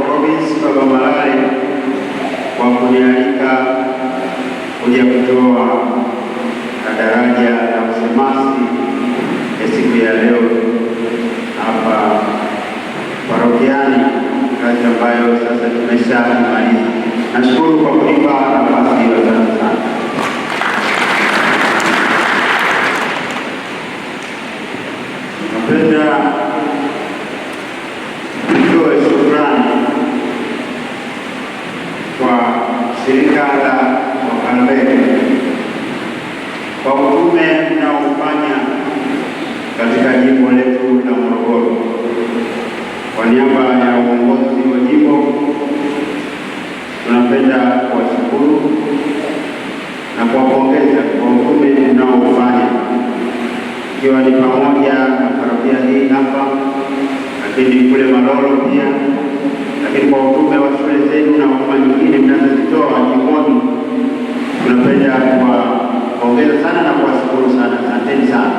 Province Baba Malale kwa kunialika kuja kutoa daraja la usemasi ya siku ya leo hapa parokiani, kazi ambayo sasa tumeshamaliza. Nashukuru kwa kunipa shirika la Wakalveli kwa utume mnaofanya katika jimbo letu la Morogoro, kwa niaba ya uongozi wa jimbo tunapenda kuwashukuru na kuwapongeza kwa utume mnaofanya, ikiwa ni pamoja na parokia hii hapa, lakini kule Malolo pia lakini kwa utume wa shule zenu na huduma nyingine mnazozitoa wajikoni, tunapenda kuwapongeza sana na kuwashukuru sana. Asanteni sana.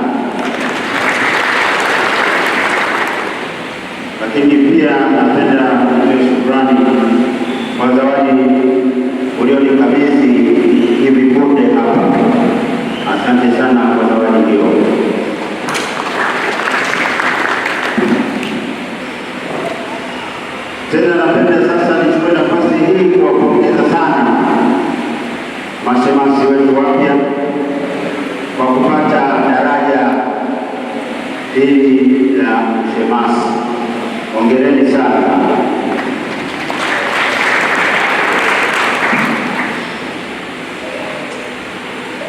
Lakini pia napenda kutoa shukrani kwa zawadi ulionikabidhi hivi punde hapa. Asante sana kwa zawadi hiyo. wanafunzi wetu wapya kwa kupata daraja hili la shemasi. Hongereni sana.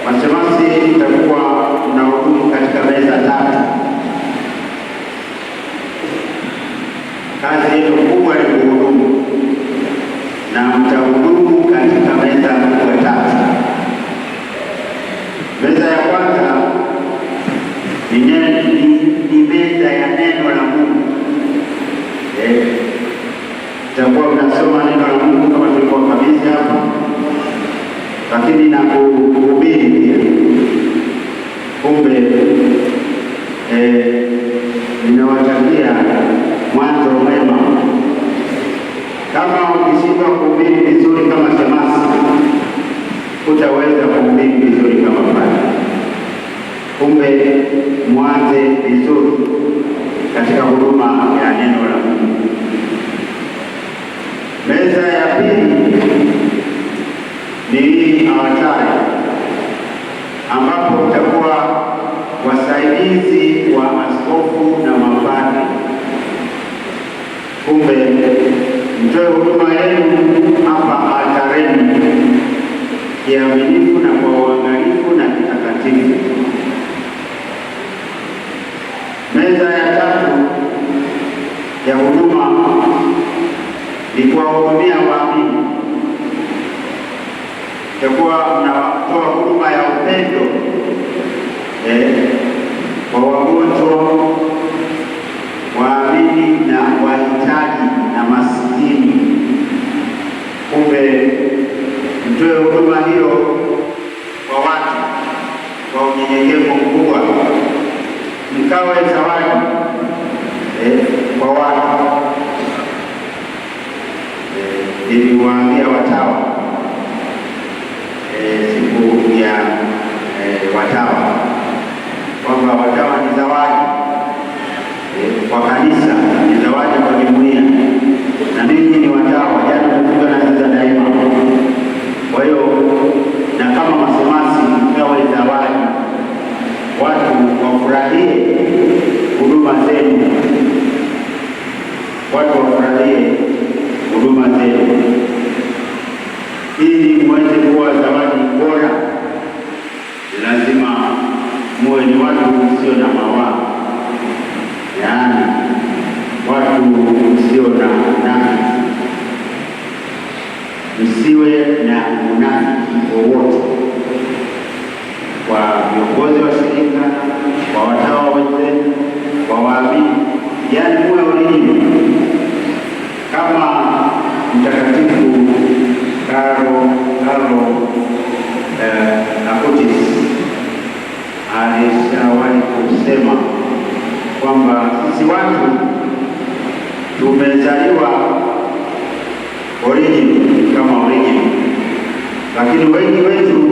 Mashemasi mtakuwa mnahudumu katika meza tatu. Kazi yenu kubwa ni kuhudumu na mtahudumu katika meza kubwa tatu. tutakuwa tunasoma neno la Mungu kama tulikuwa kabisa hapo, lakini na kuhubiri pia. Kumbe eh, ninawatakia mwanzo ni nini awatayo, ambapo utakuwa wasaidizi wa askofu na mapadri. Kumbe mtoe huduma yenu hapa altareni kiaminifu na kwa uangalifu na kitakatifu. Meza ya tatu ya huduma ni kuwahudumia waamini mtakuwa mnatoa huduma ya upendo eh, kwa wagonjwa, waamini na wahitaji na masikini. Kumbe mtoe huduma hiyo kwa watu kwa unyenyekevu mkubwa, mkawe zawadi eh, kwa watu. Eh, niliwaambia watawa kwa kanisa ni zawadi kwa jumuiya, na mimi ni wadau wajana kufunga na za daima. Kwa hiyo na kama masimasi kawa zawadi, watu wafurahie huduma zenu, watu wafurahie huduma zenu ili mweze kuwa zawadi bora, lazima muwe ni watu usio na mawaa yaani watu msio na unafiki, msiwe na unafiki wowote kwa viongozi wa shirika, kwa watawa wenzenu, kwa waamini, yaani muwe walimu kama Mtakatifu karo Karlo Acutis eh, alishawahi kusema kwamba sisi watu tumezaliwa origin kama origin, lakini wengi wetu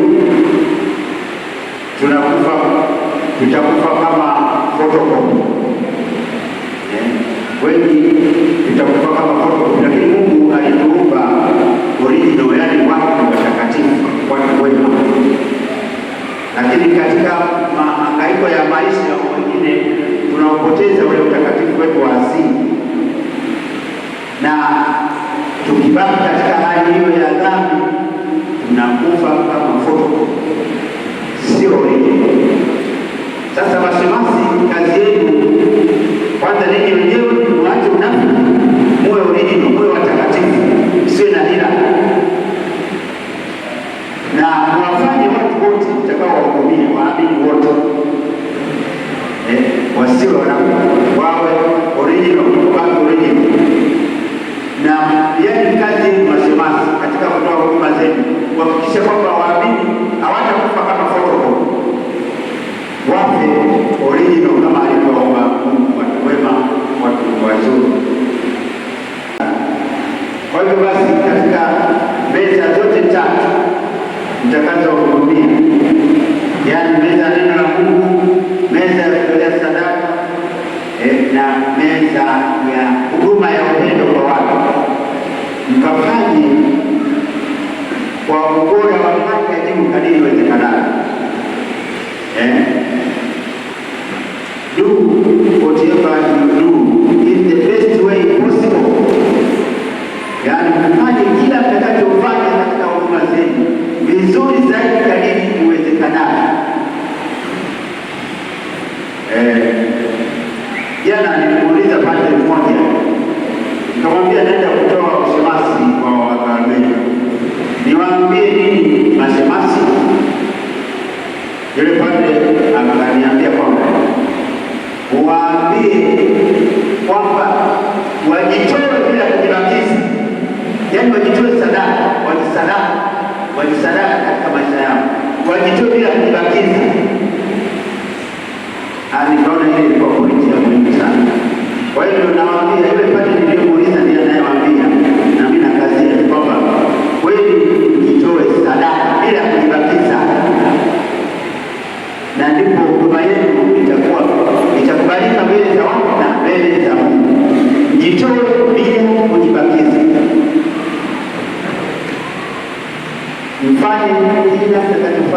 tunakufa, tutakufa kama photocopy eh, wengi tutakufa kama photocopy, lakini Mungu alituumba original, yani watu watakatifu, watu wema. Lakini katika mahangaiko ya maisha wengine unaopoteza ule utakatifu wetu wa asili, na tukibaki katika hali hiyo ya dhambi tunakufa kama foto, sio rejea. wasiwe wanafiki, wawe original wake original, na yani kazi yenu mashemasi katika kutoa huduma zenu kuhakikisha kwamba waamini hawatakufa kama photocopy, wafe original kama alivyoomba Mungu, watu wema, watu wazuri. Kwa hivyo basi yaani mfanye kila mtakachofanya baraka katika maisha yao, wajitoe bila Ani ah, kaona ile ilikuwa pointi mwingi sana. Kwa hiyo naona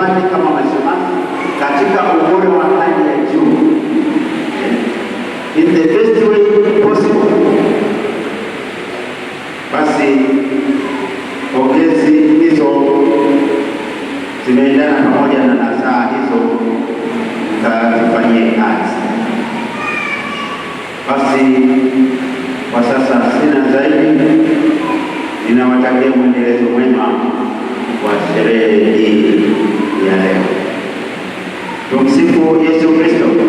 imani kama mashemani katika ubora wa hali ya juu in the best way possible. Basi pongezi hizo zimeendana pamoja na nasaha hizo za zifanyie kazi. Basi kwa sasa sina zaidi, ninawatakia mwendelezo mwema. Jesucristo.